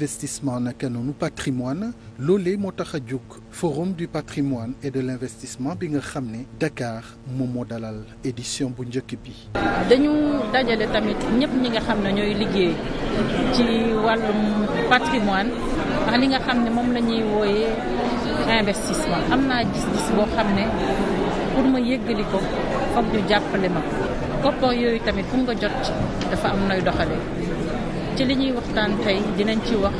investissement naka noonu patrimoine loolee moo tax a jóg forum du patrimoine et de l'investissement bi nga xam ne Dakar moom moo dalal édition bu njëkk bi. dañu dajale tamit ñëpp ñi nga xam ne ñooy liggéey ci wàllum patrimoine ndax li nga xam ne moom la wooyee investissement am naa gis-gis boo xam ne pour ma yëggali ko foog ñu jàppale ma koppar yooyu tamit pour nga jot dafa am nooy doxalee. ci li ñuy waxtaan tey dinañ ci wax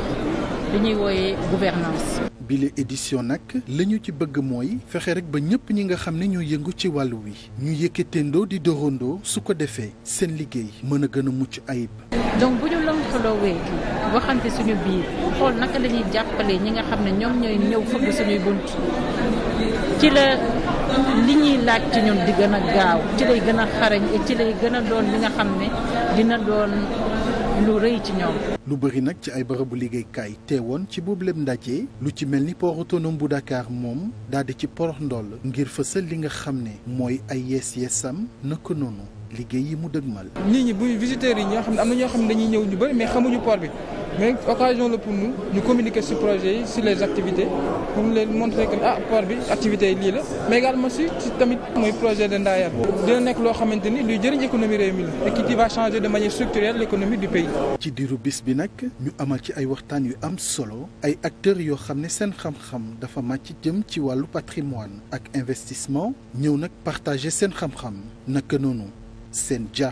li ñuy wooyee gouvernance bile édition nag la ñu ci bëgg mooy fexe rek ba ñëpp ñi nga xam ne ñoo yëngu ci wàll wi ñu yëkkateendoo di dóorandoo su ko defee seen liggéey mën a gën a mucc ayib. donc bu ñu lëkkaloowee waxante suñu biir xool naka la ñuy ñi nga xam ne ñoom ñooy ñëw fëgg suñuy bunt ci la li ñuy laaj ci ñun di gën a gaaw ci lay gën a xarañ et ci lay gën a doon li nga xam ne dina doon. lu rëy ci ñoom. lu bëri nag ci ay bërëbu liggéeykaay teewoon ci boobu lépp ndaje lu ci mel ni port autonome bu Dakar moom daal di ci porox ndoll ngir fësal li nga xam ne mooy ay yees yeesam naka noonu liggéey yi mu dëgmal. nit ñi bu visiteurs yi ñoo xam ne am na ñoo xam ne dañuy ñëw ñu bëri mais xamuñu port bi. mais occasion la pour ñu communiquer ci projet yi ci les activités pour leen montrer que ah port bi activités yi lii la mais également ci ci tamit mooy projet de Ndayane dina nekk loo xamante ni luy jëriñ économie réew mi la et qui va changer de manière structurelle l'économie du pays. ci diiru bis bi nag ñu amal ci ay waxtaan yu am solo ay acteurs yoo xam ne seen xam-xam dafa màcc jëm ci wàllu patrimoine ak investissement ñëw nag partager seen xam-xam noonu seen jaar